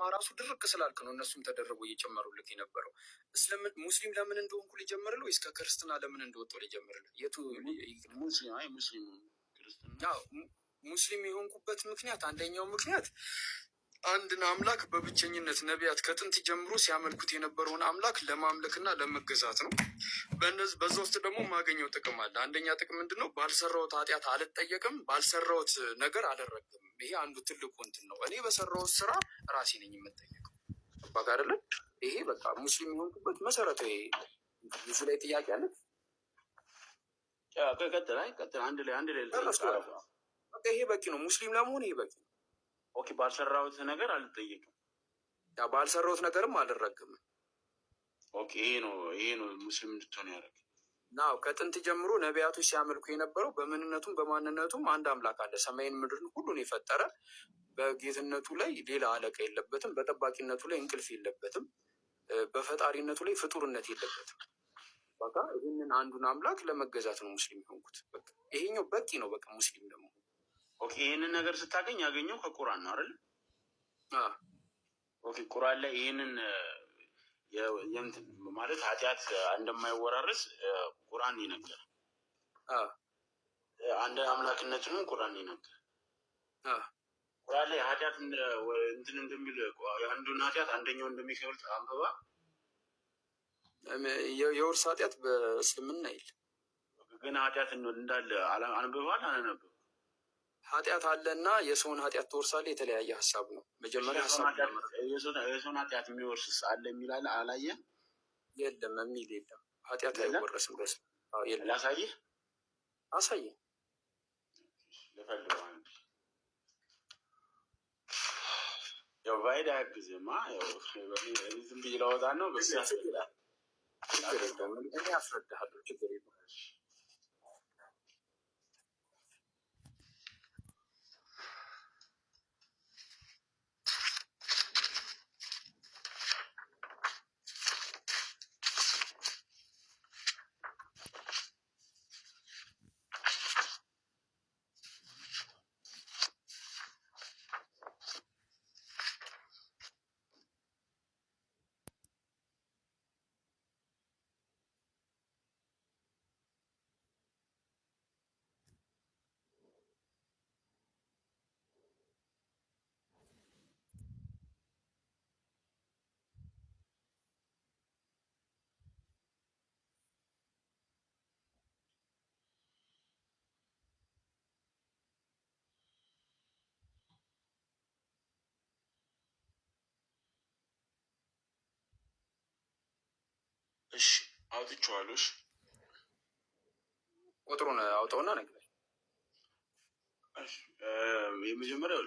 ጫማ ራሱ ድርቅ ስላልክ ነው እነሱም ተደርቦ እየጨመሩልክ የነበረው። ሙስሊም ለምን እንደሆንኩ ሊጀምርልህ ወይስ ከክርስትና ለምን እንደወጣሁ ሊጀምርልህ? የቱ ሙስሊም የሆንኩበት ምክንያት አንደኛው ምክንያት አንድን አምላክ በብቸኝነት ነቢያት ከጥንት ጀምሮ ሲያመልኩት የነበረውን አምላክ ለማምለክና ለመገዛት ነው። በነዚህ በዛ ውስጥ ደግሞ ማገኘው ጥቅም አለ። አንደኛ ጥቅም ምንድን ነው? ባልሰራሁት ኃጢአት አልጠየቅም፣ ባልሰራሁት ነገር አልረገምም። ይሄ አንዱ ትልቁ እንትን ነው። እኔ በሰራሁት ስራ ራሴ ነኝ የምጠየቀው። አባክ አይደለም። ይሄ በቃ ሙስሊም የሆንኩበት መሰረታዊ ብዙ ላይ ጥያቄ አለ። ቀጥል ቀጥል፣ አንድ ላይ አንድ ላይ ይሄ በቂ ነው። ሙስሊም ለመሆን ይሄ በቂ ነው። ኦኬ፣ ባልሰራሁት ነገር አልጠየቅም። ባልሰራሁት ነገርም አልረግም። ኦኬ፣ ይሄ ነው ይሄ ነው ሙስሊም እንድትሆን ያደረግ ናው ከጥንት ጀምሮ ነቢያቶች ሲያመልኩ የነበረው በምንነቱም በማንነቱም አንድ አምላክ አለ፣ ሰማይን ምድርን ሁሉን የፈጠረ በጌትነቱ ላይ ሌላ አለቃ የለበትም፣ በጠባቂነቱ ላይ እንቅልፍ የለበትም፣ በፈጣሪነቱ ላይ ፍጡርነት የለበትም። በቃ ይህንን አንዱን አምላክ ለመገዛት ነው ሙስሊም የሆንኩት። በቃ ይሄኛው በቂ ነው። በቃ ሙስሊም ደግሞ ኦኬ ይህንን ነገር ስታገኝ ያገኘው ከቁራን ነው አይደል? ኦኬ ቁራን ላይ ይህንን ማለት ኃጢአት እንደማይወራረስ ቁራን ይነገር፣ አንድ አምላክነቱንም ቁራን ይነገር። ቁራን ላይ ኃጢአት እንትን እንደሚል አንዱን ኃጢአት አንደኛው እንደሚከብል አንበባ የውርስ ኃጢአት በእስልምና ይል ግን ኃጢአት እንዳለ አንብባል አነነብ ኃጢአት አለና የሰውን ኃጢአት ትወርሳለህ የተለያየ ሀሳብ ነው። መጀመሪያ የሰውን ኃጢአት የሚወርስ አለ የሚል አላየ የለም የሚል የለም። ኃጢአት አይወረስም። በስ ላሳይህ አሳየ ያው ባይድ አያግዝማ ዝም ብዬ ላወጣን ነው። በስ ያስረዳል። እኔ አስረዳሃለሁ። ችግር የለም እሺ አውጥቼዋለሁ። እሺ ቁጥሩን አውጠውና እሺ የመጀመሪያው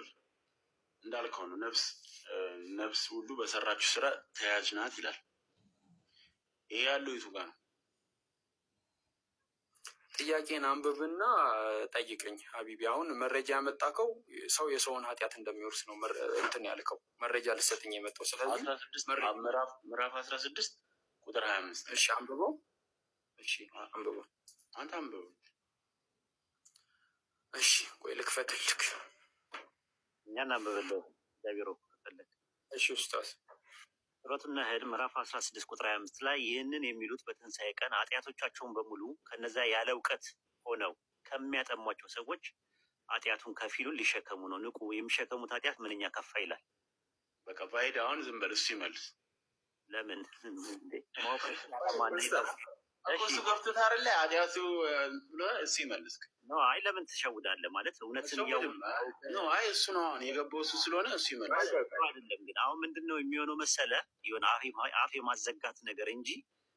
እንዳልከው ነው። ነፍስ ነፍስ ሁሉ በሰራችው ስራ ተያያዥ ናት ይላል። ይሄ ያለው የቱ ጋር ነው? ጥያቄን አንብብና ጠይቀኝ ሀቢቢ። አሁን መረጃ ያመጣከው ሰው የሰውን ኃጢአት እንደሚወርስ ነው እንትን ያልከው መረጃ ልሰጥኝ የመጣው ስለዚህ ምዕራፍ አስራ ስድስት ቁጥር ሀያ አምስት እሺ አንብቦ እሺ አንብቦ አንተ አንብቦ እሺ ቆይ ልክፈትልክ። እኛ እናንብበለው ቢሮ ፈለግ። እሺ ኡስታዝ ሱረቱን ነህል ምዕራፍ አስራ ስድስት ቁጥር ሀያ አምስት ላይ ይህንን የሚሉት በትንሣኤ ቀን አጢአቶቻቸውን በሙሉ ከነዛ ያለ እውቀት ሆነው ከሚያጠሟቸው ሰዎች አጢአቱን ከፊሉን ሊሸከሙ ነው። ንቁ የሚሸከሙት አጢአት ምንኛ ከፋ ይላል። በቃ ፋይዳውን ዝም በል እሱ ይመልስ ለምን እሱ ገብቶት አይደለ? አዲያቱ ብሎ እሱ ይመልስ። አይ ለምን ትሸውዳለህ? ማለት እውነትን ነው። አይ እሱ ነው አሁን የገባው እሱ ስለሆነ እሱ ይመልስ። አይደለም ግን አሁን ምንድን ነው የሚሆነው መሰለ ሆን አፍ የማዘጋት ነገር እንጂ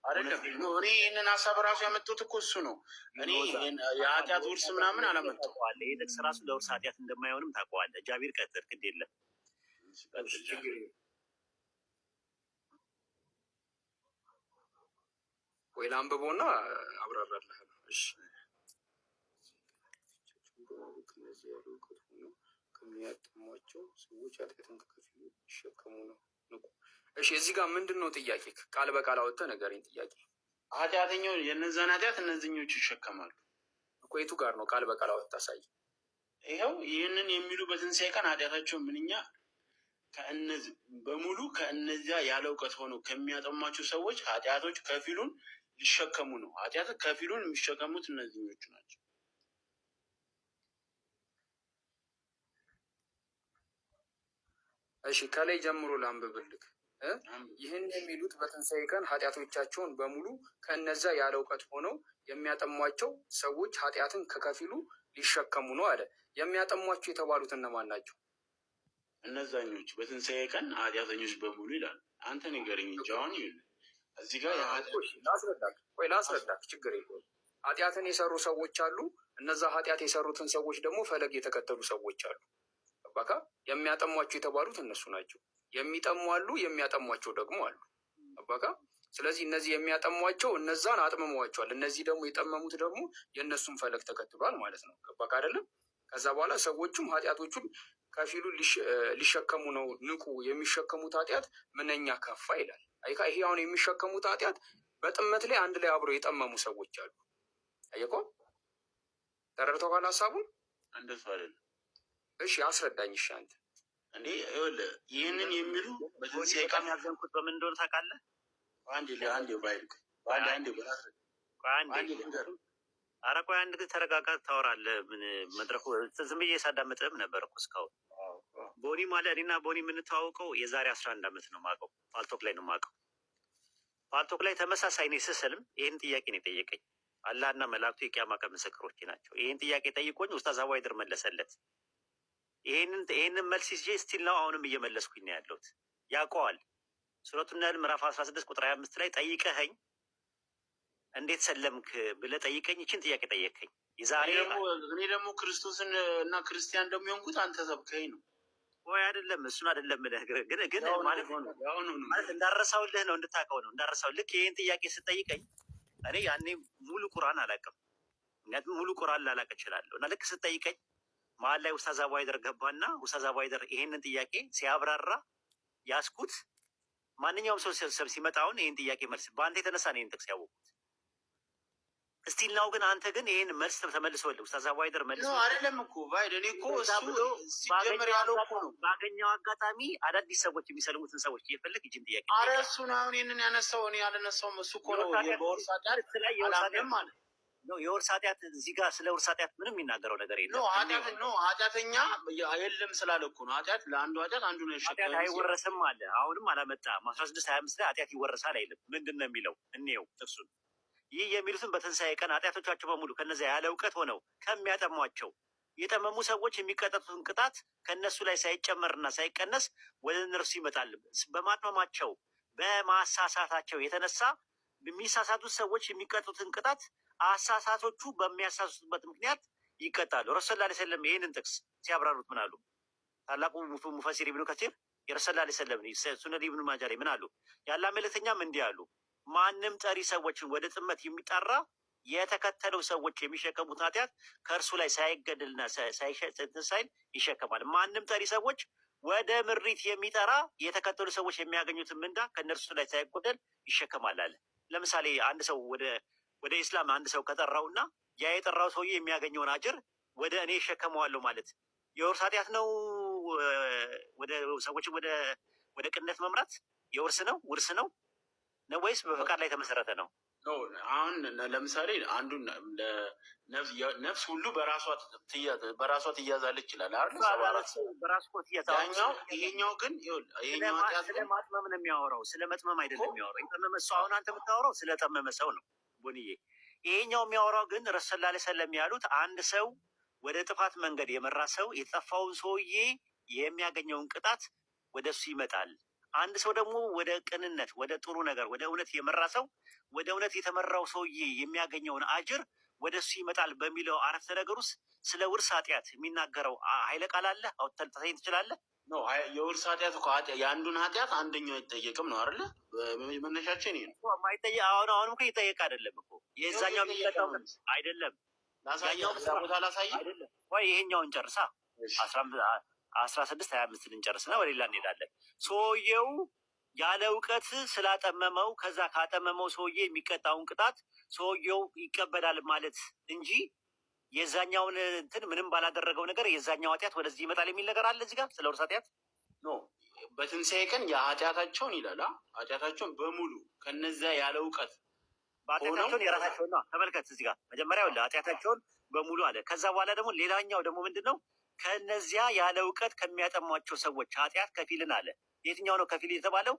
አይደለም። እኔ ይህንን ሀሳብ ራሱ ያመጡት እኮ እሱ ነው። እኔ የኃጢአት ውርስ ምናምን አላመጡዋለ። ይህ ጥቅስ ራሱ ለውርስ ኃጢአት እንደማይሆንም ታውቀዋለህ። እግዚአብሔር ቀጥር፣ ግድ የለም ወይ ለአንብቦና አብራራለህ። እሺ እነዚህ ያሉ እውቀት ሆኖ ሰዎች ኃጢአትን ከከፊሉ ይሸከሙ ነው ንቁ። እሺ እዚህ ጋር ምንድን ነው ጥያቄ? ቃል በቃል አወጥተህ ንገረኝ። ጥያቄ ኃጢአተኛው የነዛን ኃጢአት እነዚህኞቹ ይሸከማሉ እኮ ጋር ነው? ቃል በቃል አወጥተህ አሳይ። ይኸው ይህንን የሚሉ በትንሣኤ ቀን ኃጢአታቸው ምንኛ በሙሉ ከእነዚያ ያለ እውቀት ሆነው ከሚያጠሟቸው ሰዎች ኃጢአቶች ከፊሉን ሊሸከሙ ነው። ኃጢአት ከፊሉን የሚሸከሙት እነዚህኞቹ ናቸው። እሺ ከላይ ጀምሮ ላንብብልክ። ይህን የሚሉት በትንሣኤ ቀን ኃጢአቶቻቸውን በሙሉ ከነዛ ያለ እውቀት ሆነው የሚያጠሟቸው ሰዎች ኃጢአትን ከከፊሉ ሊሸከሙ ነው አለ። የሚያጠሟቸው የተባሉት እነማን ናቸው? እነዛኞች በትንሣኤ ቀን ኃጢአተኞች በሙሉ ይላል። አንተ ንገረኝ እንጂ አሁን እዚህ ጋር ላስረዳክ፣ ወይ ላስረዳክ፣ ችግር የለውም። ኃጢአትን የሰሩ ሰዎች አሉ። እነዛ ኃጢአት የሰሩትን ሰዎች ደግሞ ፈለግ የተከተሉ ሰዎች አሉ። ባካ የሚያጠሟቸው የተባሉት እነሱ ናቸው። የሚጠሙ አሉ፣ የሚያጠሟቸው ደግሞ አሉ። አባካ ስለዚህ እነዚህ የሚያጠሟቸው እነዛን አጥምመዋቸዋል። እነዚህ ደግሞ የጠመሙት ደግሞ የእነሱን ፈለግ ተከትሏል ማለት ነው። ገባክ አይደለም? ከዛ በኋላ ሰዎቹም ኃጢአቶቹን ከፊሉ ሊሸከሙ ነው። ንቁ የሚሸከሙት ኃጢአት ምንኛ ከፋ ይላል። አይካ ይሄ አሁን የሚሸከሙት ኃጢአት በጥመት ላይ አንድ ላይ አብሮ የጠመሙ ሰዎች አሉ። አይኮ ተረድተዋል ሀሳቡን? እንደሱ አይደለም። እሺ አስረዳኝ። እሺ አንተ እንዴ ይወለ ይህንን የሚሉ በዚህ ቃል ያዘንኩት በምን እንደሆነ ታውቃለህ? አንድ አንድ ባይልክ አንድ አንድ አንድ ኧረ ቆይ አንድ ጊዜ ተረጋጋ። ታወራለህ። ምን መድረኩ ዝም ብዬ ሳዳመጥም ነበር እኮ እስካሁን። ቦኒ ማለት እኔና ቦኒ የምንተዋወቀው የዛሬ አስራ አንድ አመት ነው ማቀው፣ ፓልቶክ ላይ ነው ማቀው ፓልቶክ ላይ ተመሳሳይ ነው ስስልም ይህን ጥያቄ ነው የጠየቀኝ። አላህና መላእክቱ የቅያማ ቀን ምስክሮች ናቸው። ይህን ጥያቄ ጠይቆኝ ኡስታዝ አዋይድር መለሰለት። ይህንን መልስ ይዤ ስቲል ነው አሁንም እየመለስኩኝ ነው ያለሁት። ያውቀዋል። ሱረቱ ነህል ምዕራፍ አስራ ስድስት ቁጥር ሀያ አምስት ላይ ጠይቀኸኝ እንዴት ሰለምክ ብለህ ጠይቀኝ ይችን ጥያቄ ጠየቀኝ። እኔ ደግሞ ክርስቶስን እና ክርስቲያን እንደሚሆንኩት አንተ ሰብከኝ ነው ወይ አይደለም እሱን አይደለም ልህ ግን ግን ማለት ማለት እንዳረሳውልህ ነው እንድታውቀው ነው እንዳረሳው ልክ ይህን ጥያቄ ስጠይቀኝ እኔ ያኔ ሙሉ ቁርአን አላውቅም። ምክንያቱም ሙሉ ቁርአን ላላቅ እችላለሁ እና ልክ ስጠይቀኝ መሀል ላይ ውስታዝ አቡሀይደር ገባና ውስታዝ አቡሀይደር ይሄንን ጥያቄ ሲያብራራ ያስኩት ማንኛውም ሰው ሲመጣ አሁን ይህን ጥያቄ መልስ በአንተ የተነሳ ነው ይህን ጥቅስ ያወቁ እስቲል ናው ግን አንተ ግን ይህን መልስ ተመልሶልህ ኡስታዝ አቡሀይደር መልስ አይደለም እኮ እኮ እሱ ሲጀምር ያለው ነው። ባገኘው አጋጣሚ አዳዲስ ሰዎች የሚሰልሙትን ሰዎች እየፈለግ ይችን ጥያቄ አረ እሱን አሁን ይህንን ያነሳው እኔ ያለነሳውም እሱ እኮ ነው። በወርስ ኃጢአት የወርስ ኃጢአት እዚህ ጋር ስለ ወርስ ኃጢአት ምንም የሚናገረው ነገር የለም። ኃጢአተኛ የለም ስላለ እኮ ነው። ኃጢአት ለአንዱ ኃጢአት አንዱ ነው። ኃጢአት አይወረስም አለ። አሁንም አላመጣም። አስራ ስድስት ሀያ አምስት ላይ ኃጢአት ይወረሳል አይልም። ምንድን ነው የሚለው? እኔው ጥቅሱን ይህ የሚሉትን በትንሣኤ ቀን ኃጢአቶቻቸው በሙሉ ከነዚያ ያለ እውቀት ሆነው ከሚያጠሟቸው የጠመሙ ሰዎች የሚቀጠጡትን ቅጣት ከእነሱ ላይ ሳይጨመርና ሳይቀነስ ወደ እነርሱ ይመጣል። በማጥመማቸው በማሳሳታቸው የተነሳ የሚሳሳቱት ሰዎች የሚቀጡትን ቅጣት አሳሳቶቹ በሚያሳሱትበት ምክንያት ይቀጣሉ። ረሱል ላ ሰለም ይህንን ጥቅስ ሲያብራሩት ምን አሉ? ታላቁ ሙፈሲር ኢብኑ ከሲር የረሱል ላ ሰለም ሱነን ኢብኑ ማጃ ምን አሉ? ያላ መልእክተኛም እንዲህ አሉ ማንም ጠሪ ሰዎችን ወደ ጥመት የሚጠራ የተከተለው ሰዎች የሚሸከሙት ኃጢአት ከእርሱ ላይ ሳይገድልና ሳይል ይሸከማል። ማንም ጠሪ ሰዎች ወደ ምሪት የሚጠራ የተከተሉ ሰዎች የሚያገኙትን ምንዳ ከእነርሱ ላይ ሳይጎደል ይሸከማል አለ። ለምሳሌ አንድ ሰው ወደ ኢስላም አንድ ሰው ከጠራውና ያ የጠራው ሰውዬ የሚያገኘውን አጅር ወደ እኔ ይሸከመዋለሁ ማለት የውርስ ኃጢአት ነው። ወደ ሰዎችን ወደ ቅነት መምራት የውርስ ነው፣ ውርስ ነው። ነው ወይስ በፈቃድ ላይ የተመሰረተ ነው? አሁን ለምሳሌ አንዱ ነፍስ ሁሉ በራሷ ትያዛል ይችላል። ይሄኛው ግን ስለ ማጥመም ነው የሚያወራው፣ ስለ መጥመም አይደለም የሚያወራው። የጠመመ ሰው አሁን አንተ የምታወራው ስለ ጠመመ ሰው ነው ቦንዬ። ይሄኛው የሚያወራው ግን ረሱል ሰለላሁ ዐለይሂ ያሉት አንድ ሰው ወደ ጥፋት መንገድ የመራ ሰው የጠፋውን ሰውዬ የሚያገኘውን ቅጣት ወደ እሱ ይመጣል አንድ ሰው ደግሞ ወደ ቅንነት፣ ወደ ጥሩ ነገር፣ ወደ እውነት የመራ ሰው ወደ እውነት የተመራው ሰውዬ የሚያገኘውን አጅር ወደ እሱ ይመጣል በሚለው አረፍተ ነገር ውስጥ ስለ ውርስ ኃጢአት የሚናገረው ኃይለ ቃል አለ ተሳይ ትችላለህ። የውርስ ኃጢአት እኮ የአንዱን ኃጢአት አንደኛው አይጠየቅም ነው አለ መነሻችን ይሄ ነው። ማይጠየቅ አሁን አሁንም እኮ ይጠየቅ አይደለም እኮ የዛኛው የሚቀጣው አይደለም። ቦታ ላሳይ ወይ ይሄኛውን ጨርሳ አስራ ስድስት ሀያ አምስትን እንጨርስና ወደ ሌላ እንሄዳለን። ሰውየው ያለ እውቀት ስላጠመመው ከዛ ካጠመመው ሰውዬ የሚቀጣውን ቅጣት ሰውየው ይቀበላል ማለት እንጂ የዛኛውን እንትን ምንም ባላደረገው ነገር የዛኛው ኃጢአት ወደዚህ ይመጣል የሚል ነገር አለ እዚህ ጋር ስለ ውርስ ኃጢአት ኖ በትንሣኤ ቀን የኃጢአታቸውን ይላል ኃጢአታቸውን በሙሉ ከነዚያ ያለ እውቀት የራሳቸውን የራሳቸውና ተመልከት እዚህ ጋር መጀመሪያ ለ ኃጢአታቸውን በሙሉ አለ ከዛ በኋላ ደግሞ ሌላኛው ደግሞ ምንድን ነው ከነዚያ ያለ እውቀት ከሚያጠሟቸው ሰዎች ኃጢአት ከፊልን አለ የትኛው ነው ከፊል የተባለው?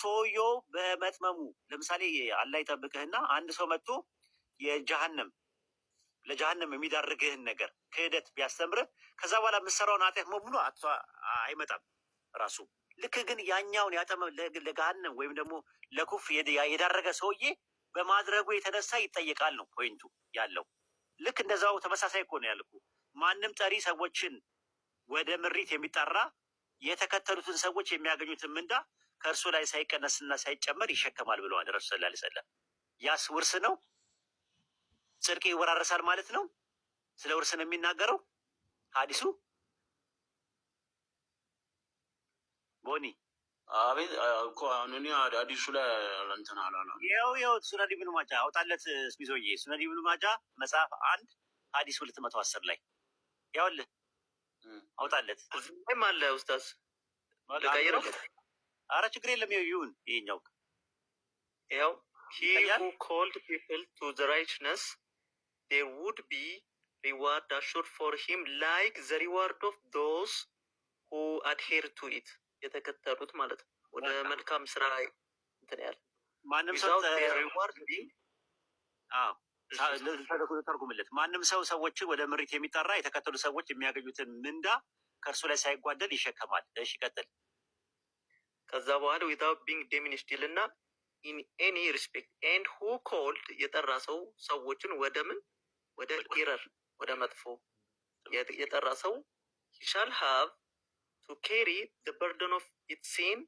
ሰውየው በመጥመሙ ለምሳሌ አላህ ይጠብቅህና አንድ ሰው መጥቶ የጀሃነም ለጀሃነም የሚዳርግህን ነገር ክህደት ቢያስተምርህ ከዛ በኋላ የምትሰራውን ኃጢአት በሙሉ አይመጣም ራሱ ልክ ግን ያኛውን ያጠመ ለገሃነም ወይም ደግሞ ለኩፍ የዳረገ ሰውዬ በማድረጉ የተነሳ ይጠየቃል ነው ፖይንቱ ያለው። ልክ እንደዛው ተመሳሳይ እኮ ነው ያልኩ። ማንም ጠሪ ሰዎችን ወደ ምሪት የሚጠራ የተከተሉትን ሰዎች የሚያገኙትን ምንዳ ከእርሱ ላይ ሳይቀነስና ሳይጨመር ይሸከማል ብለዋል ረሱ ስላ ሰለም። ያስ ውርስ ነው። ጽድቅ ይወራረሳል ማለት ነው። ስለ ውርስ ነው የሚናገረው ሐዲሱ። ቦኒ አቤት እኮ አሁን እኔ አዲሱ ላይ እንትን አላለ ይኸው ይኸው ሱነን ኢብኑ ማጃ አውጣለት ስሚዞዬ ሱነን ኢብኑ ማጃ መጽሐፍ አንድ ሐዲስ ሁለት መቶ አስር ላይ ያውልህ አውጣለት። እዚህም አለ ኡስታዝ ልቀይረው። አረ ችግር የለም ይሁን። ይሄኛው ይኸው ሂ ሁ ኮልድ ፒፕል ቱ ዘ ራይትነስ ዴር ውድ ቢ ሪዋርድ አሹርድ ፎር ሂም ላይክ ዘ ሪዋርድ ኦፍ ዶስ ሁ አድሄር ቱ ኢት የተከተሉት ማለት ነው። ወደ መልካም ስራ እንትን ያለ ማንም ሰው ሪዋርድ ቢ ተርጉምለት። ማንም ሰው ሰዎች ወደ ምሪት የሚጠራ የተከተሉ ሰዎች የሚያገኙትን ምንዳ ከእርሱ ላይ ሳይጓደል ይሸከማል። እሺ ቀጥል። ከዛ በኋላ ዊዛውት ቢንግ ዲሚኒሽድ ይልና ኢን ኤኒ ሪስፔክት ኤንድ ሁ ኮልድ የጠራ ሰው ሰዎችን ወደ ምን ወደ ኢረር ወደ መጥፎ የጠራ ሰው ሻል ሃቭ ቱ ኬሪ ዘ በርደን ኦፍ ኢት ሲን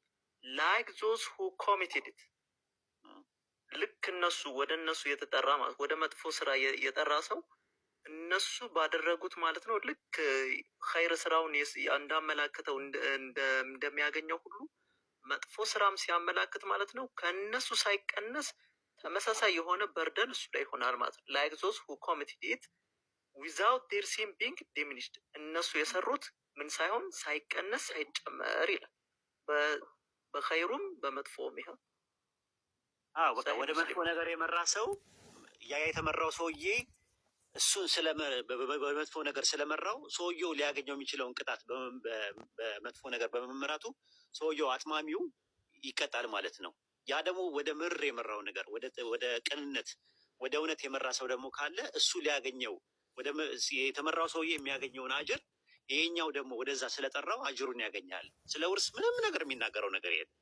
ላይክ ዞዝ ሁ ኮሚትድ ኢት ልክ እነሱ ወደ እነሱ የተጠራ ወደ መጥፎ ስራ የጠራ ሰው እነሱ ባደረጉት ማለት ነው። ልክ ኸይር ስራውን እንዳመላክተው እንደሚያገኘው ሁሉ መጥፎ ስራም ሲያመላክት ማለት ነው ከእነሱ ሳይቀነስ ተመሳሳይ የሆነ በርደን እሱ ላይ ይሆናል ማለት ነው። ላይክ ዞዝ ሁ ኮሚትድ ኢት ዊዛውት ዴር ሲም ቢንግ ዲሚኒሽድ እነሱ የሰሩት ምን ሳይሆን ሳይቀነስ ሳይጨመር ይላል። በኸይሩም በመጥፎም ይሆን። በቃ ወደ መጥፎ ነገር የመራ ሰው ያ የተመራው ሰውዬ እሱን በመጥፎ ነገር ስለመራው ሰውየው ሊያገኘው የሚችለውን ቅጣት በመጥፎ ነገር በመመራቱ ሰውየው አጥማሚው ይቀጣል ማለት ነው። ያ ደግሞ ወደ ምር የመራው ነገር ወደ ቅንነት፣ ወደ እውነት የመራ ሰው ደግሞ ካለ እሱ ሊያገኘው የተመራው ሰውዬ የሚያገኘውን አጅር ይሄኛው ደግሞ ወደዛ ስለጠራው አጅሩን ያገኛል። ስለ ውርስ ምንም ነገር የሚናገረው ነገር የለም።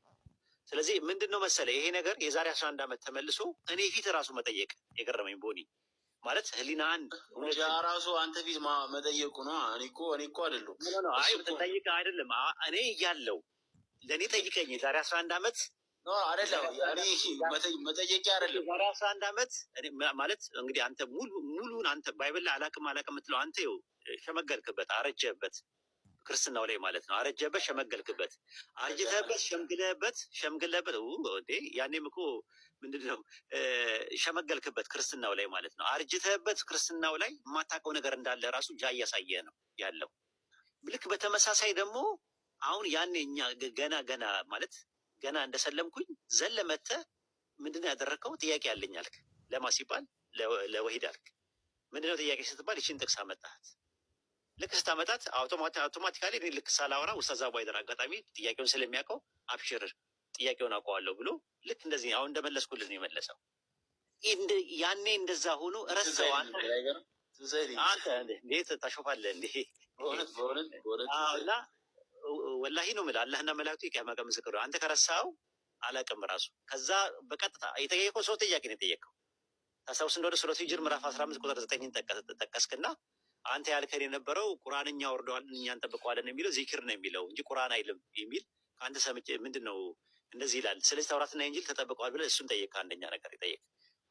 ስለዚህ ምንድን ነው መሰለ ይሄ ነገር የዛሬ አስራ አንድ ዓመት ተመልሶ እኔ ፊት ራሱ መጠየቅ የገረመኝ ቦኒ ማለት ህሊና አንድ ራሱ አንተ ፊት መጠየቁ ነ እኔ እኮ እኔ እኮ አይደለም ጠይቀ አይደለም እኔ እያለው ለእኔ ጠይቀኝ የዛሬ አስራ አንድ ዓመት አይደለም መጠየቂያ አስራ አንድ ዓመት ማለት እንግዲህ አንተ ሙሉን አንተ ባይበላ አላቅም አላቅም የምትለው አንተ ሸመገልክበት፣ አረጀበት ክርስትናው ላይ ማለት ነው። አረጀበት፣ ሸመገልክበት፣ አርጅተበት፣ ሸምግለበት፣ ሸምግለበት። ያኔም እኮ ምንድን ነው ሸመገልክበት፣ ክርስትናው ላይ ማለት ነው። አርጅተበት፣ ክርስትናው ላይ የማታውቀው ነገር እንዳለ ራሱ ጃ እያሳየ ነው ያለው። ልክ በተመሳሳይ ደግሞ አሁን ያኔ እኛ ገና ገና ማለት ገና እንደሰለምኩኝ ዘለመተ ምንድን ነው ያደረግከው? ጥያቄ ያለኝ አልክ። ለማ ሲባል ለወሂድ አልክ። ምንድነው ጥያቄ ስትባል ይችን ጥቅስ አመጣት ልክ ስታመጣት አውቶማቲካሊ እኔ ልክ ሳላወራ ውስታዝ አባይደር አጋጣሚ ጥያቄውን ስለሚያውቀው አብሽር ጥያቄውን አውቀዋለሁ ብሎ ልክ እንደዚህ አሁን እንደመለስኩልን ነው የመለሰው። ያኔ እንደዛ ሆኖ ረሳው። አንተ እንዴት ታሾፋለህ እንዴ? ወላሂ ነው የምልህ አላህና መላእክቱ የቂያማ ቀን ምስክር። አንተ ከረሳው አላቅም ራሱ ከዛ በቀጥታ የተጠየቀው ሰው ጥያቄ ነው የጠየቀው። ታስታውስ እንደሆነ ሱረቱ ሂጅር ምዕራፍ አስራ አምስት ቁጥር ዘጠኝን ጠቀስክና አንተ ያልከን የነበረው ቁርአን እኛ ወርደዋል እኛ እንጠብቀዋለን የሚለው ዚክር ነው የሚለው እንጂ ቁርአን አይልም የሚል አንተ ሰምቼ ምንድን ነው እንደዚህ ይላል። ስለዚህ ተውራትና እንጂል ተጠብቀዋል ብለህ እሱን ጠየቅ። አንደኛ ነገር ጠየቅ።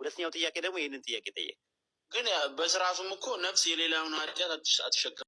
ሁለተኛው ጥያቄ ደግሞ ይህንን ጥያቄ ጠየቅ። ግን በስርዓቱም እኮ ነፍስ የሌላውን ኃጢአት አትሸከም